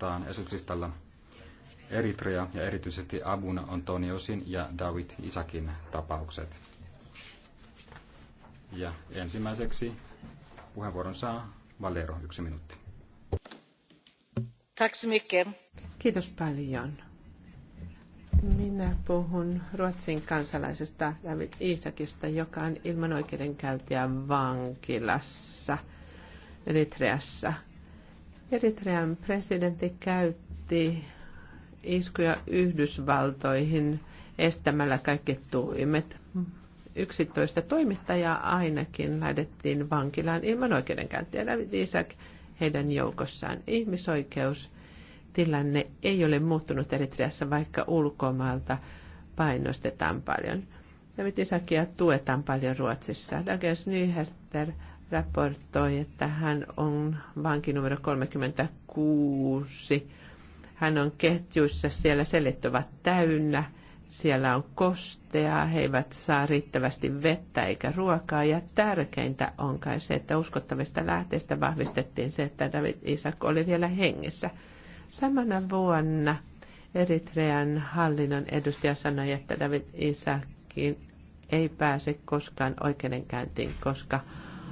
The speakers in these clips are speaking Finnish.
kohtaan esityslistalla Eritrea ja erityisesti Abun Antoniosin ja David Isakin tapaukset. Ja ensimmäiseksi puheenvuoron saa Valero, yksi minuutti. Kiitos paljon. Minä puhun Ruotsin kansalaisesta David Isakista, joka on ilman oikeudenkäyntiä vankilassa Eritreassa – Eritrean presidentti käytti iskuja Yhdysvaltoihin estämällä kaikki tuimet. 11 toimittajaa ainakin lähdettiin vankilaan ilman oikeudenkäyntiä. David Isaac heidän joukossaan. Ihmisoikeustilanne ei ole muuttunut Eritreassa, vaikka ulkomaalta painostetaan paljon. David Isakia tuetaan paljon Ruotsissa. Dagens Nyheter raportoi, että hän on vanki numero 36. Hän on ketjuissa, siellä selit ovat täynnä, siellä on kosteaa, he eivät saa riittävästi vettä eikä ruokaa. Ja tärkeintä on kai se, että uskottavista lähteistä vahvistettiin se, että David Isak oli vielä hengissä. Samana vuonna Eritrean hallinnon edustaja sanoi, että David Isakin ei pääse koskaan oikeudenkäyntiin, koska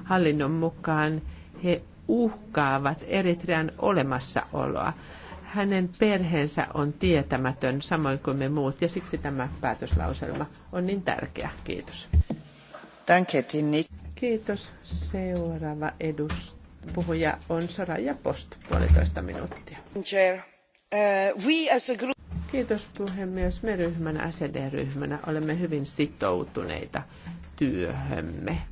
hallinnon mukaan he uhkaavat Eritrean olemassaoloa. Hänen perheensä on tietämätön, samoin kuin me muut, ja siksi tämä päätöslauselma on niin tärkeä. Kiitos. Kiitos. Seuraava edus puhuja on Soraya Post, puolitoista minuuttia. Kiitos puhemies. Me ryhmänä, SED-ryhmänä, olemme hyvin sitoutuneita työhömme.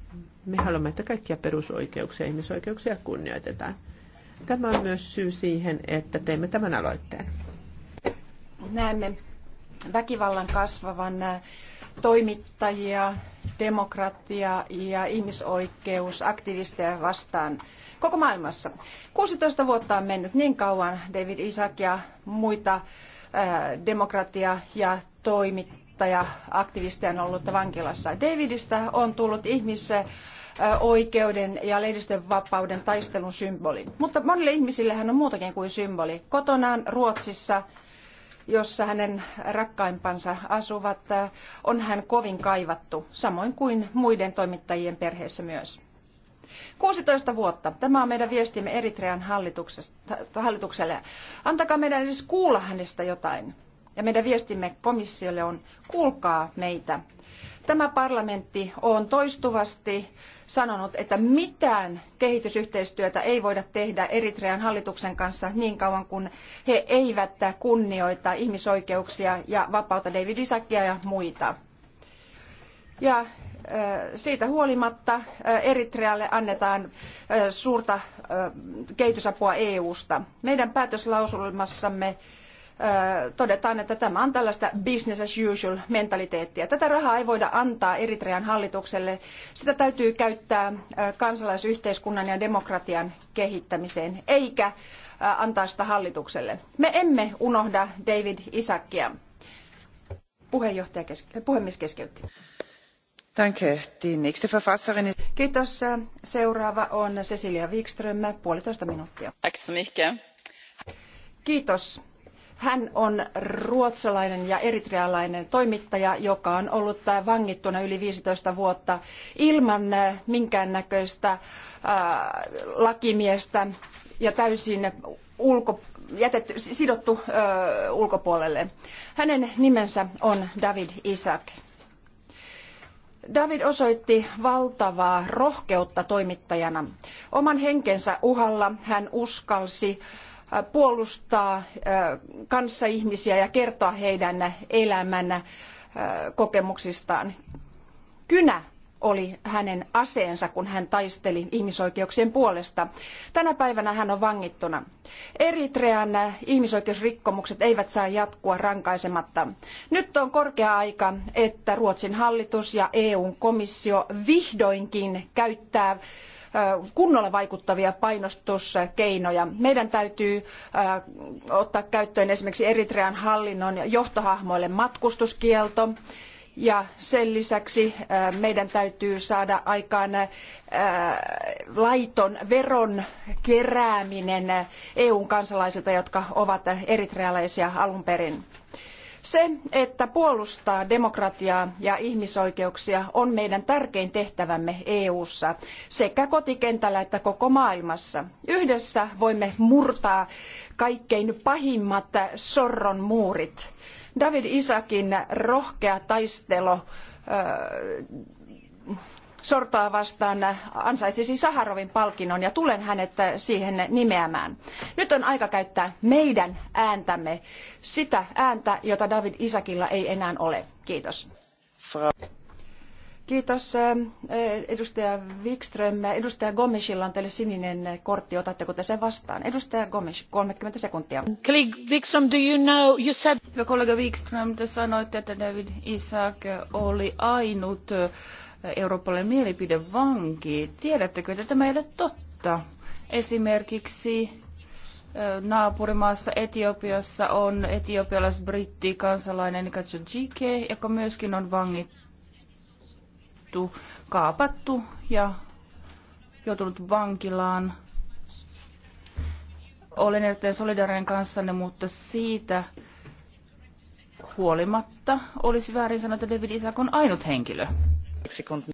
Me haluamme, että kaikkia perusoikeuksia ja ihmisoikeuksia kunnioitetaan. Tämä on myös syy siihen, että teimme tämän aloitteen. Näemme väkivallan kasvavan äh, toimittajia, demokratia ja ihmisoikeusaktivisteja vastaan koko maailmassa. 16 vuotta on mennyt niin kauan David Isaac ja muita demokratia- ja toimittaja aktivisteja on ollut vankilassa. Davidista on tullut ihmissä oikeuden ja lehdistön vapauden taistelun symboli. Mutta monille ihmisille hän on muutakin kuin symboli. Kotonaan Ruotsissa jossa hänen rakkaimpansa asuvat, on hän kovin kaivattu, samoin kuin muiden toimittajien perheessä myös. 16 vuotta. Tämä on meidän viestimme Eritrean hallitukselle. Antakaa meidän edes kuulla hänestä jotain. Ja meidän viestimme komissiolle on, kuulkaa meitä. Tämä parlamentti on toistuvasti sanonut, että mitään kehitysyhteistyötä ei voida tehdä Eritrean hallituksen kanssa niin kauan kuin he eivät kunnioita ihmisoikeuksia ja vapauta David Isakia ja muita. Ja äh, siitä huolimatta äh, Eritrealle annetaan äh, suurta kehitysapua EU-sta. Meidän päätöslauselmassamme todetaan, että tämä on tällaista business as usual mentaliteettia. Tätä rahaa ei voida antaa Eritrean hallitukselle. Sitä täytyy käyttää kansalaisyhteiskunnan ja demokratian kehittämiseen, eikä antaa sitä hallitukselle. Me emme unohda David Isakia. Puheenjohtaja keske- puhemies keskeytti. Kiitos. Seuraava on Cecilia Wikström, puolitoista minuuttia. Kiitos. Hän on ruotsalainen ja eritrealainen toimittaja, joka on ollut vangittuna yli viisitoista vuotta ilman minkäännäköistä äh, lakimiestä ja täysin sidottu äh, ulkopuolelle. Hänen nimensä on David Isaac David osoitti valtavaa rohkeutta toimittajana. Oman henkensä uhalla hän uskalsi äh, puolustaa äh, kanssaihmisiä ja kertoa heidän elämän äh, kokemuksistaan. Kynä oli hänen aseensa, kun hän taisteli ihmisoikeuksien puolesta. Tänä päivänä hän on vangittuna. Eritrean ihmisoikeusrikkomukset eivät saa jatkua rankaisematta. Nyt on korkea aika, että Ruotsin hallitus ja EUn komissio vihdoinkin käyttää kunnolla vaikuttavia painostuskeinoja. Meidän täytyy ottaa käyttöön esimerkiksi Eritrean hallinnon johtohahmoille matkustuskielto, ja sen lisäksi äh, meidän täytyy saada aikaan äh, laiton veron kerääminen EUn kansalaisilta, jotka ovat eritrealaisia alun perin. Se, että puolustaa demokratiaa ja ihmisoikeuksia on meidän tärkein tehtävämme EU:ssa sekä kotikentällä että koko maailmassa. Yhdessä voimme murtaa kaikkein pahimmat sorron muurit David Isakin rohkea taistelu sortoa vastaan ansaitsisi Saharovin palkinnon ja tulen hänet siihen nimeämään. Nyt on aika käyttää meidän ääntämme, sitä ääntä, jota David Isakilla ei enää ole. Kiitos. Kiitos eh, edustaja Wikström. Edustaja Gomesilla on teille sininen kortti. Otatteko te sen vastaan? Edustaja Gomes, 30 sekuntia. Wikström, do you know, you said... Hyvä kollega Wikström, te sanoitte, että David Isaac oli ainut eh, eurooppalainen mielipidevanki. Tiedättekö, että tämä ei ole totta? Esimerkiksi eh, naapurimaassa Etiopiassa on etiopialais-britti kansalainen Katsu Jike, joka myöskin on vangittu tapettu, kaapattu ja joutunut vankilaan. Olen erittäin solidaarinen kanssanne, mutta siitä huolimatta olisi väärin sanoa, että David Isaac on ainut henkilö.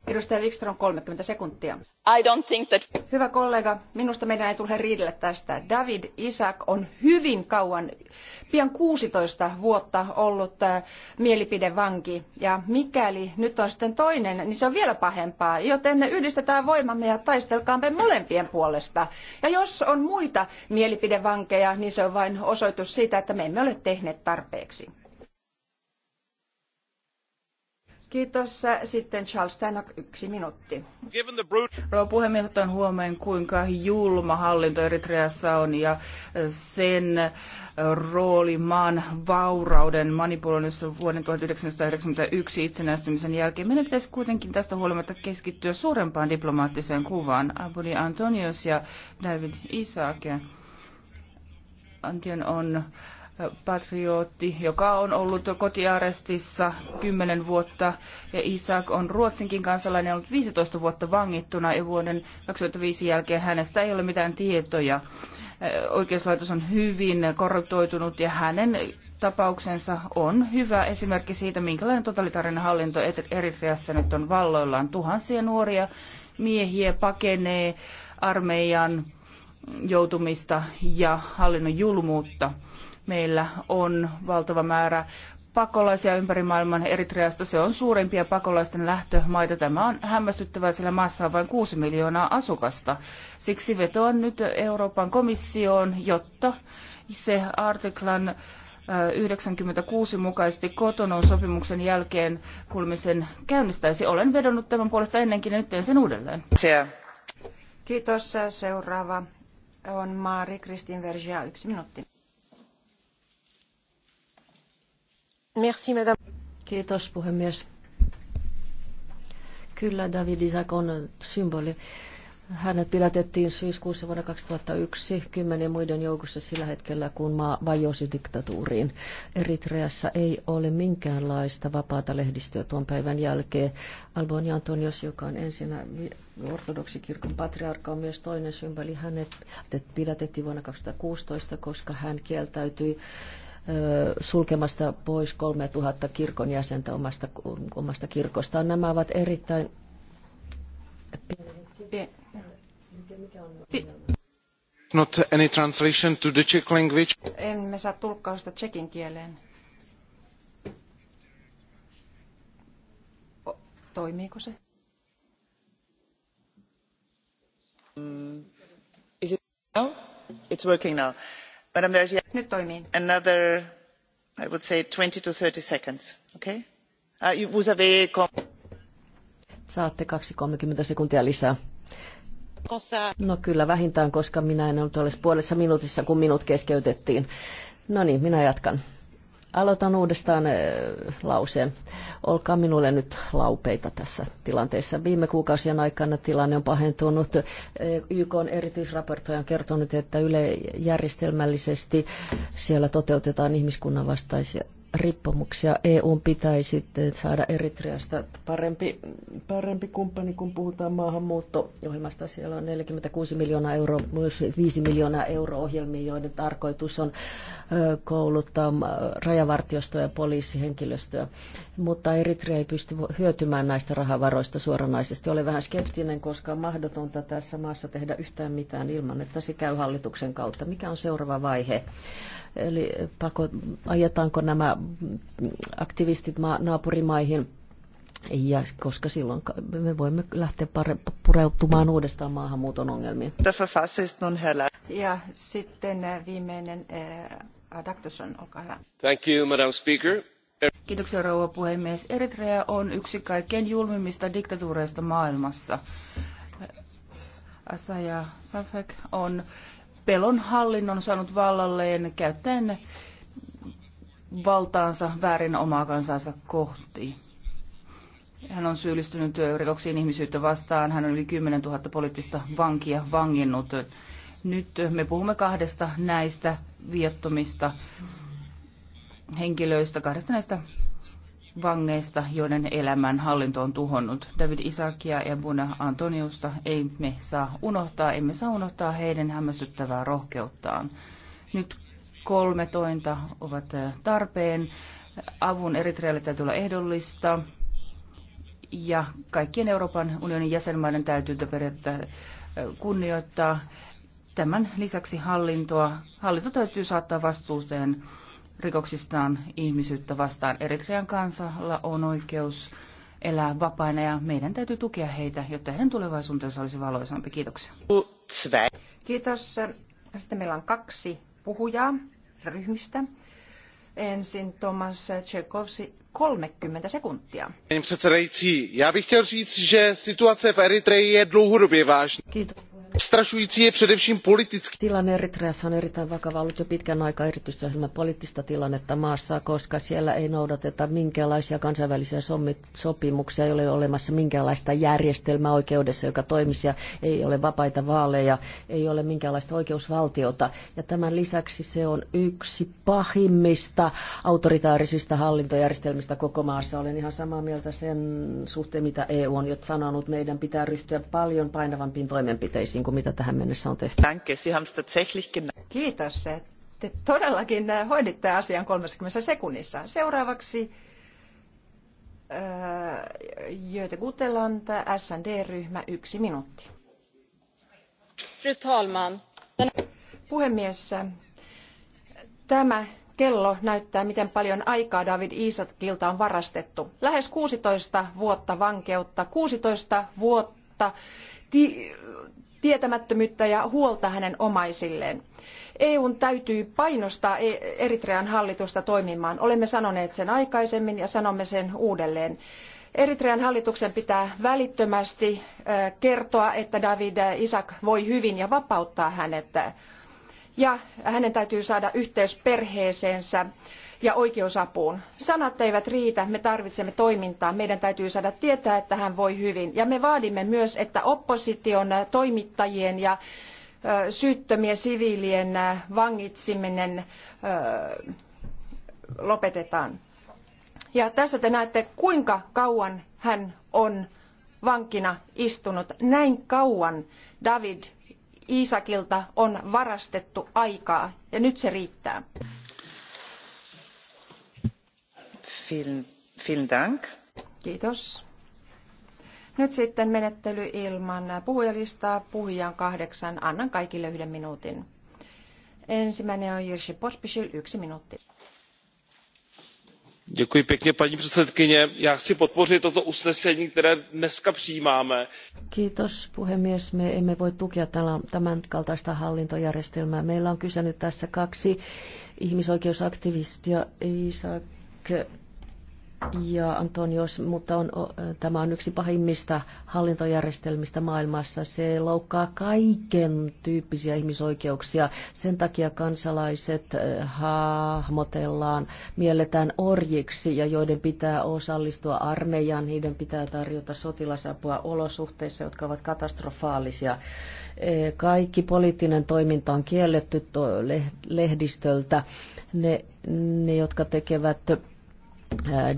Edustaja Wikström, 30 sekuntia. I don't think that... Hyvä kollega, minusta meidän ei tule riidellä tästä. David Isaac on hyvin kauan, pian 16 vuotta ollut äh, mielipidevanki. Ja mikäli nyt on sitten toinen, niin se on vielä pahempaa. Joten yhdistetään voimamme ja taistelkaamme molempien puolesta. Ja jos on muita mielipidevankeja, niin se on vain osoitus siitä, että me emme ole tehneet tarpeeksi. Kiitos. Sitten Charles Tannock, yksi minuutti. Rouva puhemies, otan huomioon, kuinka julma hallinto Eritreassa on ja sen äh, rooli maan vaurauden manipuloinnissa vuoden 1991 itsenäistymisen jälkeen. Meidän pitäisi kuitenkin tästä huolimatta keskittyä suurempaan diplomaattiseen kuvaan. Abudi Antonios ja David Isaac. Antion on patriotti, joka on ollut kotiarestissa kymmenen vuotta, ja Isak on Ruotsinkin kansalainen ollut 15 vuotta vangittuna, ja vuoden 2005 jälkeen hänestä ei ole mitään tietoja. Oikeuslaitos on hyvin korruptoitunut, ja hänen tapauksensa on hyvä esimerkki siitä, minkälainen totalitaarinen hallinto Eritreassa nyt on valloillaan. Tuhansia nuoria miehiä pakenee armeijan joutumista ja hallinnon julmuutta. Meillä on valtava määrä pakolaisia ympäri maailman Eritreasta. Se on suurimpia pakolaisten lähtömaita. Tämä on hämmästyttävää, sillä maassa on vain 6 miljoonaa asukasta. Siksi vetoan nyt Euroopan komissioon, jotta se artiklan 96 mukaisesti kotonon sopimuksen jälkeen kulmisen käynnistäisi. Olen vedonnut tämän puolesta ennenkin ja nyt teen sen uudelleen. Kiitos. Seuraava on Maari Kristin Vergia, yksi minuutti. arvoisa puhemies. Kyllä David Isaac on symboli. Hänet pidätettiin syyskuussa vuonna 2001 kymmenen muiden joukossa sillä hetkellä, kun maa vajosi diktatuuriin. Eritreassa ei ole minkäänlaista vapaata lehdistöä tuon päivän jälkeen. Alboni Antonios, joka on ensinnä ortodoksikirkon patriarkka, on myös toinen symboli. Hänet pidätettiin vuonna 2016, koska hän kieltäytyi sulkemasta pois 3000 kirkon jäsentä omasta, omasta kirkostaan. Nämä ovat erittäin... Not any translation to the Czech language. Emme saa tulkkausta tsekin kieleen. Toimiiko se? Mm. Is it now? It's working now. Another, I would say 20 to 30 seconds, okay? Uh, Saatte kaksi 30 sekuntia lisää. No kyllä vähintään, koska minä en ollut edes puolessa minuutissa, kun minut keskeytettiin. No niin, minä jatkan. Aloitan uudestaan eh, lauseen. Olkaa minulle nyt laupeita tässä tilanteessa. Viime kuukausien aikana tilanne on pahentunut. Eh, YK on erityisraportoija on kertonut, että yle järjestelmällisesti siellä toteutetaan ihmiskunnan vastaisia rippumuksia. EUn pitäisi saada Eritreasta parempi, parempi kumppani, kun puhutaan maahanmuutto-ohjelmasta. Siellä on 46 miljoonaa euroa, myös 5 miljoonaa euroa ohjelmia, joiden tarkoitus on kouluttaa rajavartiostoa ja poliisihenkilöstöä. Mutta Eritrea ei pysty hyötymään näistä rahavaroista suoranaisesti. Olen vähän skeptinen, koska on mahdotonta tässä maassa tehdä yhtään mitään ilman, että se käy hallituksen kautta. Mikä on seuraava vaihe? Eli pako, ajetaanko nämä aktivistit ma- naapurimaihin ja koska silloin me voimme lähteä pureutumaan uudestaan maahanmuuton ongelmiin. Ja sitten eh, viimeinen äh, eh, Adaktusson, olkaa hyvä. Thank you, Madam Speaker. Kiitoksia rouva puhemies. Eritrea on yksi kaikkein julmimmista diktatuureista maailmassa. Asaja Safek on pelon hallinnon saanut vallalleen käyttäen valtaansa väärin omaa kansansa kohti. Hän on syyllistynyt rikoksiin ihmisyyttä vastaan. Hän on yli 10 000 poliittista vankia vanginnut. Nyt me puhumme kahdesta näistä viattomista henkilöistä, kahdesta näistä vangeista, joiden elämän hallinto on tuhonnut. David Isakia ja Buna Antoniusta ei me saa unohtaa, emme saa unohtaa heidän hämmästyttävää rohkeuttaan. Nyt kolme tointa ovat eh, tarpeen. Avun Eritrealle täytyy olla ehdollista ja kaikkien Euroopan unionin jäsenmaiden täytyy periaatteessa eh, kunnioittaa. Tämän lisäksi hallintoa, hallinto täytyy saattaa vastuuseen rikoksistaan ihmisyyttä vastaan. Eritrean kansalla on oikeus elää vapaina ja meidän täytyy tukea heitä, jotta heidän tulevaisuutensa olisi valoisampi. Kiitoksia. Kiitos. Sitten meillä on kaksi puhujaa ryhmistä. Ensin Thomas Tchekovsi, 30 sekuntia. Paní předsedající, já bych chtěl říct, že situace v Eritreji je dlouhodobě vážná. Kiitos Strašující je především politický. Tilanne Eritreassa on erittäin vakava ollut jo pitkän aikaa, erityisesti poliittista tilannetta maassa, koska siellä ei noudateta minkäänlaisia kansainvälisiä sopimuksia, ei ole olemassa minkäänlaista järjestelmää oikeudessa, joka toimisi, ja ei ole vapaita vaaleja, ei ole minkäänlaista oikeusvaltiota. Ja tämän lisäksi se on yksi pahimmista autoritaarisista hallintojärjestelmistä koko maassa. Olen ihan samaa mieltä sen suhteen, mitä EU on jo sanonut. Meidän pitää ryhtyä paljon painavampiin toimenpiteisiin toisin kuin mitä tähän mennessä on tehty. Kiitos. Te todellakin äh, hoiditte asian 30 sekunnissa. Seuraavaksi äh, Göte Guteland, SND-ryhmä, yksi minuutti. Fru talman. Puhemies, äh, tämä kello näyttää, miten paljon aikaa David Isatkilta on varastettu. Lähes 16 vuotta vankeutta, 16 vuotta ti- tietämättömyyttä ja huolta hänen omaisilleen. EUn täytyy painostaa e- Eritrean hallitusta toimimaan. Olemme sanoneet sen aikaisemmin ja sanomme sen uudelleen. Eritrean hallituksen pitää välittömästi kertoa, että David Isak voi hyvin ja vapauttaa hänet. Ja hänen täytyy saada yhteys perheeseensä ja oikeusapuun. Sanat eivät riitä, me tarvitsemme toimintaa. Meidän täytyy saada tietää, että hän voi hyvin. Ja me vaadimme myös, että opposition toimittajien ja syyttömien siviilien vangitsiminen lopetetaan. Ja tässä te näette, kuinka kauan hän on vankina istunut. Näin kauan David Iisakilta on varastettu aikaa ja nyt se riittää. Kiitos. Nyt sitten menettely ilman puhujalistaa. Puhuja on kahdeksan. Annan kaikille yhden minuutin. Ensimmäinen on Jirsi Pospisil, yksi minuutti. Děkuji pěkně, paní předsedkyně. Já chci podpořit toto usnesení, které dneska přijímáme. Kiitos, puhemies. Me emme voi tukea tämän kaltaista hallintojärjestelmää. Meillä on kysynyt tässä kaksi ihmisoikeusaktivistia, Isaac ja Antonios, mutta on, tämä on yksi pahimmista hallintojärjestelmistä maailmassa. Se loukkaa kaiken tyyppisiä ihmisoikeuksia. Sen takia kansalaiset hahmotellaan, mielletään orjiksi ja joiden pitää osallistua armeijaan, niiden pitää tarjota sotilasapua olosuhteissa, jotka ovat katastrofaalisia. E, kaikki poliittinen toiminta on kielletty lehdistöltä. Ne, ne jotka tekevät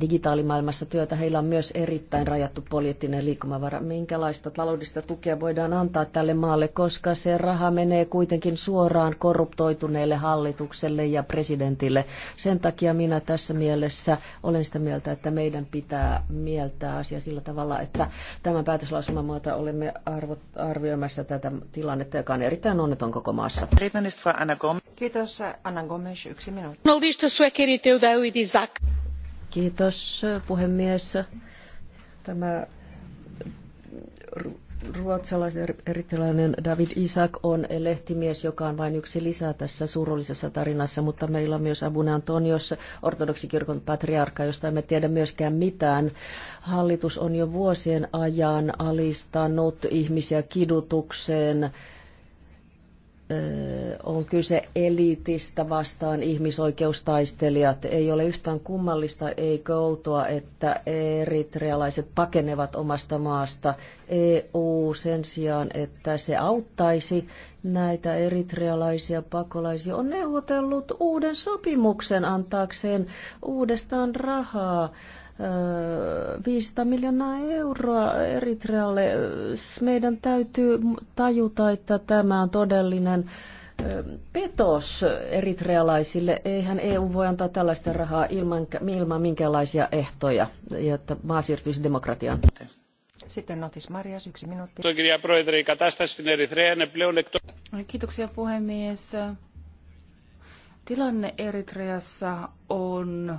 digitaalimaailmassa työtä. Heillä on myös erittäin rajattu poliittinen liikkumavara. Minkälaista taloudellista tukea voidaan antaa tälle maalle, koska se raha menee kuitenkin suoraan korruptoituneelle hallitukselle ja presidentille. Sen takia minä tässä mielessä olen sitä mieltä, että meidän pitää mieltää asia sillä tavalla, että tämän päätöslausuman muuta olemme arvo, arvioimassa tätä tilannetta, joka on erittäin onneton koko maassa. Kiitos Anna Gomes, yksi minuutti. Kiitos puhemies. Tämä ruotsalaisen erittäinen David Isak on lehtimies, joka on vain yksi lisää tässä surullisessa tarinassa, mutta meillä on myös Abune Antonios, ortodoksikirkon patriarkka, josta emme tiedä myöskään mitään. Hallitus on jo vuosien ajan alistanut ihmisiä kidutukseen, on kyse eliitistä vastaan ihmisoikeustaistelijat. Ei ole yhtään kummallista, ei outoa, että eritrealaiset pakenevat omasta maasta. EU sen sijaan, että se auttaisi näitä eritrealaisia pakolaisia, on neuvotellut uuden sopimuksen antaakseen uudestaan rahaa 500 miljoonaa euroa Eritrealle. Meidän täytyy tajuta, että tämä on todellinen petos eritrealaisille. Eihän EU voi antaa tällaista rahaa ilman, ilman minkälaisia ehtoja, jotta maa siirtyisi demokratiaan. Sitten Notis Marias, yksi minuutti. Kiitoksia puhemies. Tilanne Eritreassa on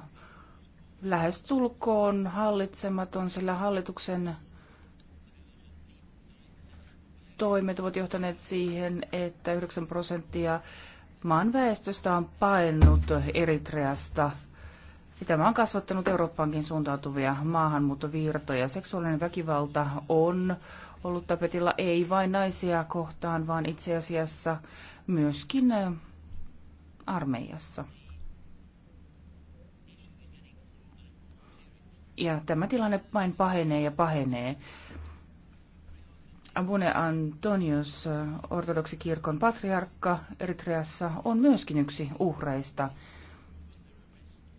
lähestulkoon hallitsematon, sillä hallituksen toimet ovat johtaneet siihen, että 9 prosenttia maan väestöstä on paennut Eritreasta. Ja tämä on kasvattanut Eurooppaankin suuntautuvia maahanmuuttovirtoja. Seksuaalinen väkivalta on ollut tapetilla ei vain naisia kohtaan, vaan itse asiassa myöskin armeijassa. Ja tämä tilanne vain pahenee ja pahenee. Abune Antonius, ortodoksikirkon patriarkka Eritreassa, on myöskin yksi uhreista.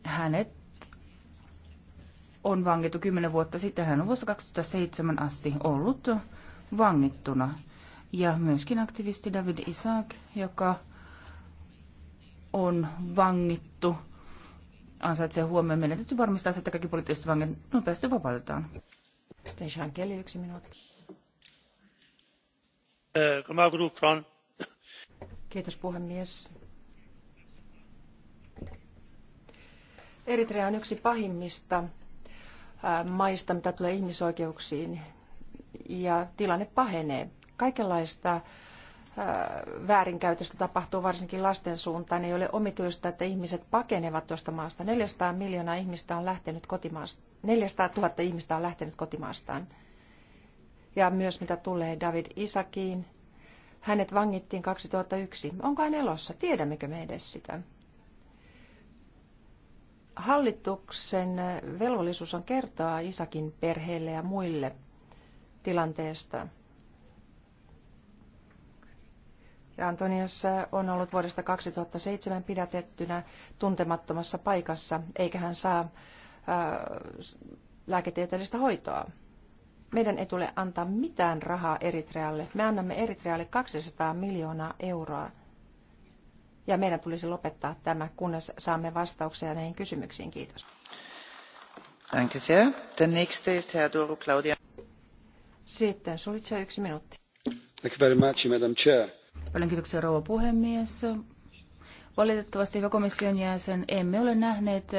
Hänet on vangittu kymmenen vuotta sitten. Hän on vuosi 2007 asti ollut vangittuna. Ja myöskin aktivisti David Isaac, joka on vangittu ansaitsee huomioon. Meidän täytyy varmistaa, että kaikki poliittiset vangit nopeasti vapautetaan. Station Kelly, yksi minuutti. Kiitos puhemies. Eritrea on yksi pahimmista maista, mitä tulee ihmisoikeuksiin, ja tilanne pahenee. Kaikenlaista Äh, väärinkäytöstä tapahtuu varsinkin lasten suuntaan. Ei ole omituista, että ihmiset pakenevat tuosta maasta. 400 miljoonaa ihmistä on lähtenyt kotimaasta. 400 000 ihmistä on lähtenyt kotimaastaan. Ja myös mitä tulee David Isakiin. Hänet vangittiin 2001. Onko hän elossa? Tiedämmekö me edes sitä? Hallituksen velvollisuus on kertoa Isakin perheelle ja muille tilanteesta. ja Antonias on ollut vuodesta 2007 pidätettynä tuntemattomassa paikassa, eikä hän saa ää, äh, lääketieteellistä hoitoa. Meidän ei tule antaa mitään rahaa Eritrealle. Me annamme Eritrealle 200 miljoonaa euroa. Ja meidän tulisi lopettaa tämä, kunnes saamme vastauksia näihin kysymyksiin. Kiitos. Danke sehr. Der nächste ist Herr Doro Claudia. Sitten Sulitsa yksi minuutti. Thank you very much, Madam Chair. Paljon kiitoksia rouva puhemies. Valitettavasti hyvä komission jäsen, emme ole nähneet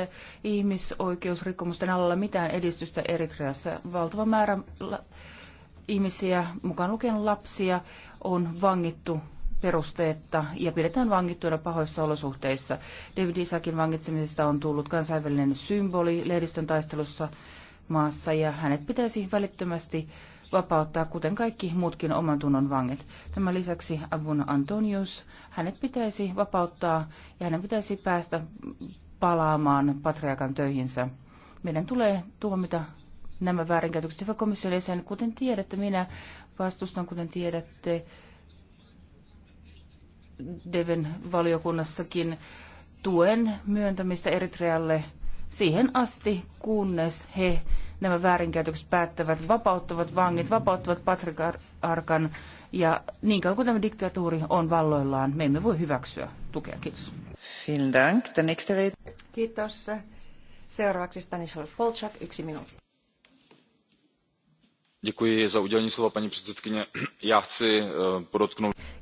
ihmisoikeusrikkomusten alalla mitään edistystä Eritreassa. Valtava määrä ihmisiä, mukaan lukien lapsia, on vangittu perusteetta ja pidetään vangittuina pahoissa olosuhteissa. David Isakin vangitsemisesta on tullut kansainvälinen symboli lehdistön taistelussa maassa ja hänet pitäisi välittömästi vapauttaa, kuten kaikki muutkin oman tunnon vangit. Tämän lisäksi Avun Antonius, hänet pitäisi vapauttaa ja hänen pitäisi päästä palaamaan patriarkan töihinsä. Meidän tulee tuomita nämä väärinkäytökset. Hyvä komission jäsen, kuten tiedätte, minä vastustan, kuten tiedätte, Deven valiokunnassakin tuen myöntämistä Eritrealle siihen asti, kunnes he nämä väärinkäytökset päättävät, vapauttavat vangit, vapauttavat patriarkan ja niin kauan kuin tämä diktatuuri on valloillaan, me emme voi hyväksyä tukea. Kiitos. Kiitos. Seuraavaksi Stanislav Polchak, yksi minuutti. E,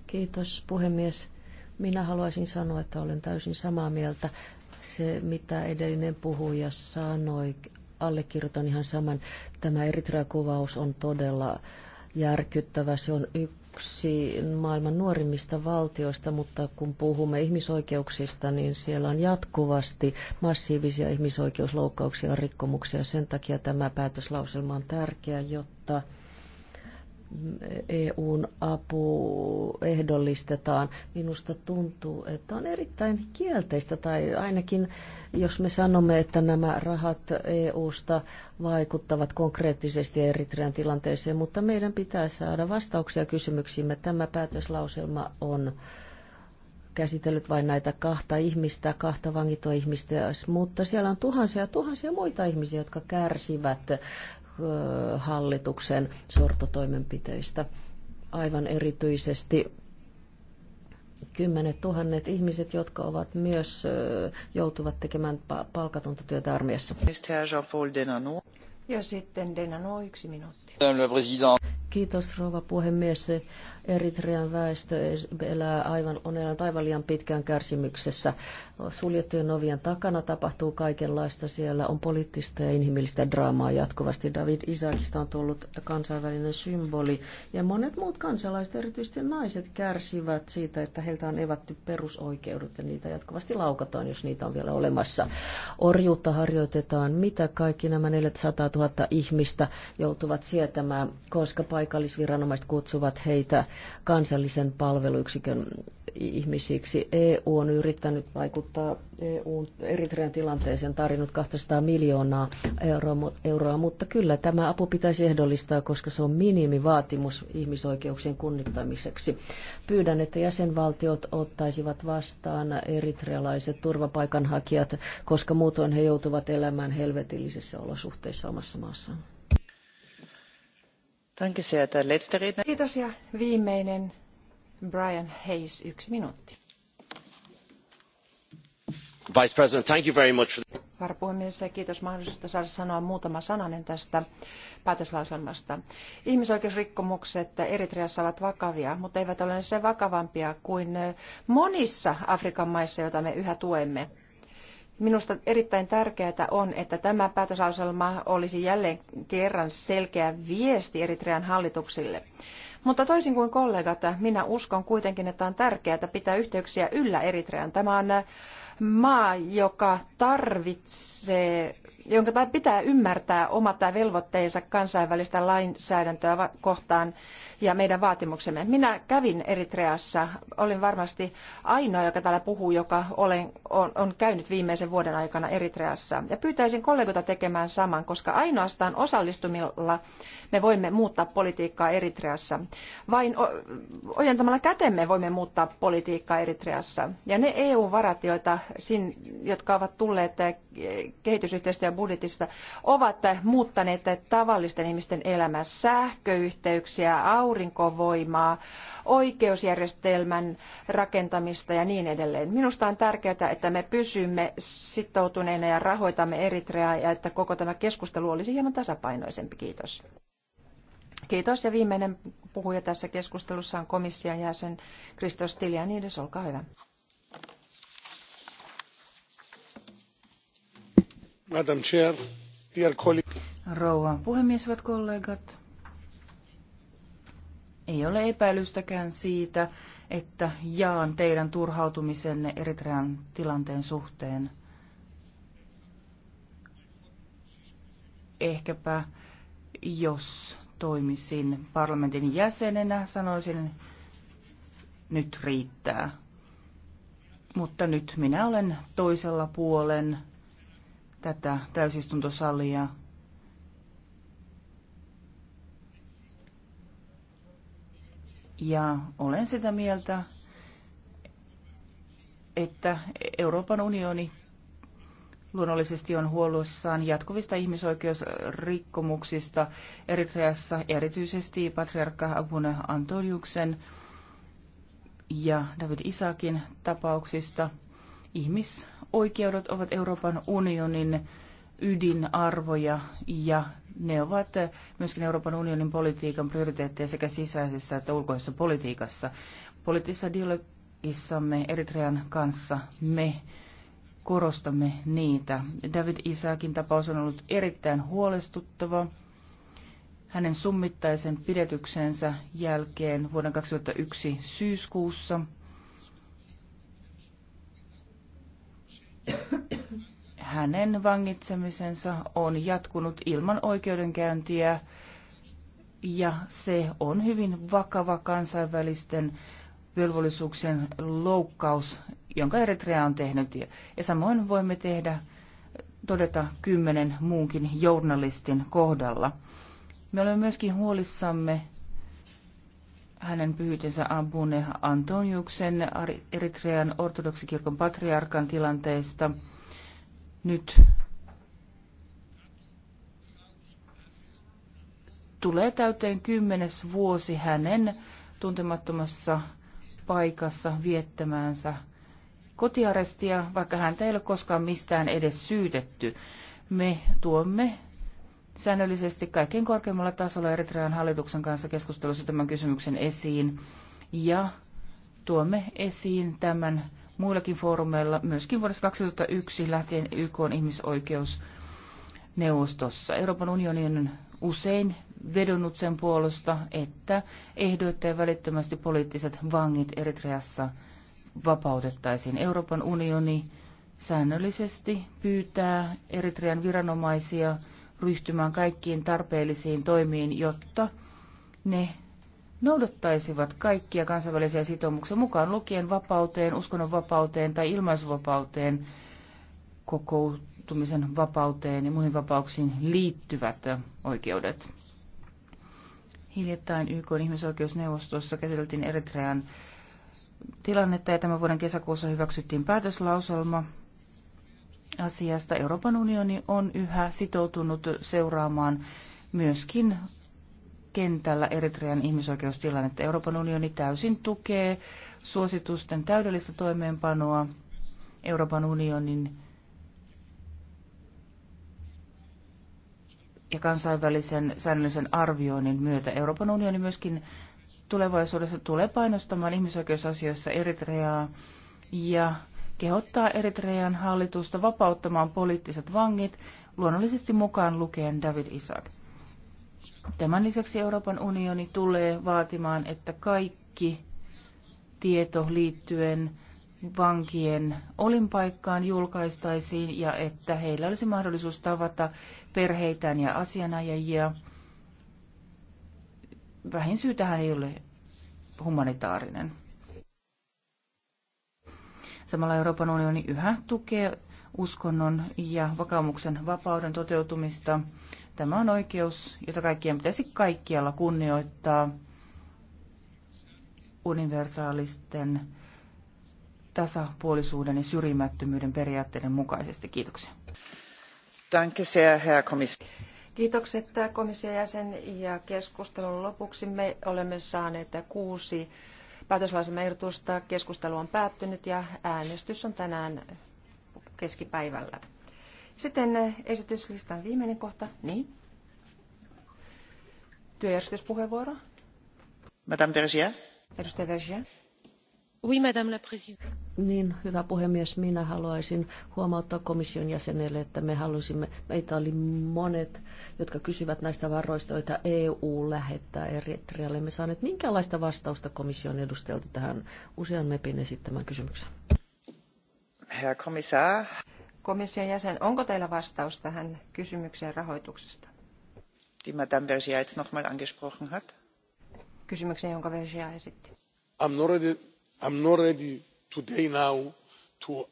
Kiitos, puhemies. Minä haluaisin sanoa, että olen täysin samaa mieltä. Se, mitä edellinen puhuja sanoi, allekirjoitan ihan saman. Tämä Eritrea-kuvaus on todella järkyttävä. Se on yksi maailman nuorimmista valtioista, mutta kun puhumme ihmisoikeuksista, niin siellä on jatkuvasti massiivisia ihmisoikeusloukkauksia ja rikkomuksia. Sen takia tämä päätöslauselma on tärkeä, jotta E EUn apu ehdollistetaan. Minusta tuntuu, että on erittäin kielteistä, tai ainakin jos me sanomme, että nämä rahat EUsta vaikuttavat konkreettisesti Eritrean tilanteeseen, mutta meidän pitää saada vastauksia kysymyksiimme. Tämä päätöslauselma on käsitellyt vain näitä kahta ihmistä, kahta vangitua ihmistä, mutta siellä on tuhansia ja tuhansia muita ihmisiä, jotka kärsivät hallituksen sortotoimenpiteistä. Aivan erityisesti kymmenet tuhannet ihmiset, jotka ovat myös joutuvat tekemään palkatonta työtä armeijassa. Ja sitten Denano yksi minuutti. Kiitos rouva puhemies. Eritrean väestö elää aivan onellaan aivan liian pitkään kärsimyksessä. Suljettujen ovien takana tapahtuu kaikenlaista. Siellä on poliittista ja inhimillistä draamaa jatkuvasti. David Isakista on tullut kansainvälinen symboli. Ja monet muut kansalaiset, erityisesti naiset, kärsivät siitä, että heiltä on evätty perusoikeudet ja niitä jatkuvasti laukataan, jos niitä on vielä olemassa. Orjuutta harjoitetaan. Mitä kaikki nämä 400 000 ihmistä joutuvat sietämään, koska paikallisviranomaiset kutsuvat heitä kansallisen palveluyksikön ihmisiksi. EU on yrittänyt vaikuttaa EUn Eritrean tilanteeseen, tarinut 200 miljoonaa euroa, mutta kyllä tämä apu pitäisi ehdollistaa, koska se on minimivaatimus ihmisoikeuksien kunnittamiseksi. Pyydän, että jäsenvaltiot ottaisivat vastaan eritrealaiset turvapaikanhakijat, koska muutoin he joutuvat elämään helvetillisessä olosuhteissa omassa maassaan. Kiitos ja viimeinen Brian Hayes, yksi minuutti. Vice President, thank you very much for kiitos mahdollisuudesta saada sanoa muutama sananen tästä päätöslauselmasta. Ihmisoikeusrikkomukset Eritreassa ovat vakavia, mutta eivät ole sen vakavampia kuin monissa Afrikan maissa, joita me yhä tuemme. Minusta erittäin tärkeää on, että tämä päätöslauselma olisi jälleen kerran selkeä viesti Eritrean hallituksille. Mutta toisin kuin kollegat, minä uskon kuitenkin, että on tärkeää pitää yhteyksiä yllä Eritrean. Tämä on äh, maa, joka tarvitsee jonka pitää ymmärtää omat velvoitteensa kansainvälistä lainsäädäntöä kohtaan ja meidän vaatimuksemme. Minä kävin Eritreassa, olin varmasti ainoa, joka täällä puhuu, joka olen, on, on käynyt viimeisen vuoden aikana Eritreassa. Ja pyytäisin kollegoita tekemään saman, koska ainoastaan osallistumilla me voimme muuttaa politiikkaa Eritreassa. Vain ojentamalla kätemme voimme muuttaa politiikkaa Eritreassa. Ja ne EU-varat, joita, sin, jotka ovat tulleet eh, kehitysyhteistyöbudjetista, ovat eh, muuttaneet eh, tavallisten ihmisten elämää sähköyhteyksiä, aurinkovoimaa, oikeusjärjestelmän rakentamista ja niin edelleen. Minusta on tärkeää, että me pysymme sitoutuneena ja rahoitamme Eritreaa ja että koko tämä keskustelu olisi hieman tasapainoisempi. Kiitos. Kiitos ja viimeinen puhuja tässä keskustelussa on komission jäsen Christos Stylianides. Olkaa hyvä. Madam Chair, dear Rouva puhemies, hyvät kollegat. Ei ole epäilystäkään siitä, että jaan teidän turhautumisenne Eritrean tilanteen suhteen. Ehkäpä jos toimisin parlamentin jäsenenä, sanoisin, nyt riittää. Mutta nyt minä olen toisella puolen tätä täysistuntosalia. Ja olen sitä mieltä, että Euroopan unioni luonnollisesti on huolissaan jatkuvista ihmisoikeusrikkomuksista Eritreassa, erityisesti patriarkka Abune Antoniuksen ja David Isakin tapauksista. Ihmisoikeudet ovat Euroopan unionin ydinarvoja ja ne ovat myöskin Euroopan unionin politiikan prioriteetteja sekä sisäisessä että ulkoisessa politiikassa. Poliittisessa dialogissamme Eritrean kanssa me korostamme niitä. David Isaakin tapaus on ollut erittäin huolestuttava. Hänen summittaisen pidetyksensä jälkeen vuoden 2001 syyskuussa hänen vangitsemisensa on jatkunut ilman oikeudenkäyntiä ja se on hyvin vakava kansainvälisten velvollisuuksien loukkaus jonka Eritrea on tehnyt. Ja samoin voimme tehdä todeta kymmenen muunkin journalistin kohdalla. Me olemme myöskin huolissamme hänen pyytensä Abune Antoniuksen Eritrean ortodoksikirkon patriarkan tilanteesta. Nyt tulee täyteen kymmenes vuosi hänen tuntemattomassa paikassa viettämäänsä kotiarestia, vaikka häntä ei ole koskaan mistään edes syytetty. Me tuomme säännöllisesti kaikkein korkeimmalla tasolla Eritrean hallituksen kanssa keskustelussa tämän kysymyksen esiin ja tuomme esiin tämän muillakin foorumeilla myöskin vuodesta 2001 lähtien YK on ihmisoikeusneuvostossa. Euroopan unioni on usein vedonnut sen puolesta, että ehdoitteen välittömästi poliittiset vangit Eritreassa – vapautettaisiin. Euroopan unioni säännöllisesti pyytää Eritrean viranomaisia ryhtymään kaikkiin tarpeellisiin toimiin, jotta ne noudattaisivat kaikkia kansainvälisiä sitoumuksia mukaan lukien vapauteen, uskonnonvapauteen tai ilmaisuvapauteen, kokoutumisen vapauteen ja muihin vapauksiin liittyvät oikeudet. Hiljattain YK ihmisoikeusneuvostossa käsiteltiin Eritrean tilannetta ja tämän vuoden kesäkuussa hyväksyttiin päätöslauselma asiasta. Euroopan unioni on yhä sitoutunut seuraamaan myöskin kentällä Eritrean ihmisoikeustilannetta. Euroopan unioni täysin tukee suositusten täydellistä toimeenpanoa Euroopan unionin ja kansainvälisen säännöllisen arvioinnin myötä. Euroopan unioni myöskin tulevaisuudessa tulee painostamaan ihmisoikeusasioissa Eritreaa ja kehottaa Eritrean hallitusta vapauttamaan poliittiset vangit, luonnollisesti mukaan lukeen David Isaac. Tämän lisäksi Euroopan unioni tulee vaatimaan, että kaikki tieto liittyen vankien olinpaikkaan julkaistaisiin ja että heillä olisi mahdollisuus tavata perheitään ja asianajajia – vähin syy tähän ei ole humanitaarinen. Samalla Euroopan unioni yhä tukee uskonnon ja vakaumuksen vapauden toteutumista. Tämä on oikeus, jota kaikkien pitäisi kaikkialla kunnioittaa universaalisten tasapuolisuuden ja syrjimättömyyden periaatteiden mukaisesti. Kiitoksia. Danke sehr, Herr Kommissar. Kiitokset komission jäsen ja keskustelun lopuksi me olemme saaneet kuusi päätöslauselmaehdotusta. Keskustelu on päättynyt ja äänestys on tänään keskipäivällä. Sitten esityslistan viimeinen kohta. Niin. Työjärjestyspuheenvuoro. Madame Vergier. Edustaja Vergier. Niin, hyvä puhemies, minä haluaisin huomauttaa komission jäsenelle, että me halusimme, meitä oli monet, jotka kysyvät näistä varoista, joita EU lähettää Eritrealle. Me saaneet minkälaista vastausta komission edustajalta tähän usean MEPin esittämään kysymykseen? Herra Kommissar. Komission jäsen, onko teillä vastaus tähän kysymykseen rahoituksesta? Die Madame Vergia jetzt nochmal angesprochen hat. Kysymykseen, jonka Vergia esitti. I'm not ready today now to...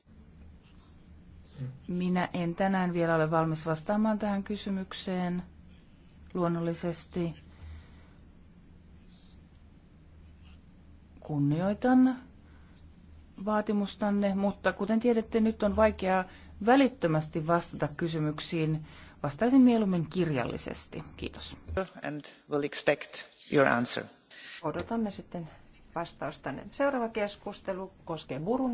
Minä en tänään vielä ole valmis vastaamaan tähän kysymykseen luonnollisesti. Kunnioitan vaatimustanne, mutta kuten tiedätte, nyt on vaikeaa välittömästi vastata kysymyksiin. Vastaisin mieluummin kirjallisesti. Kiitos. And we'll expect your answer. Odotamme sitten vastaustanne. Seuraava keskustelu koskee Burun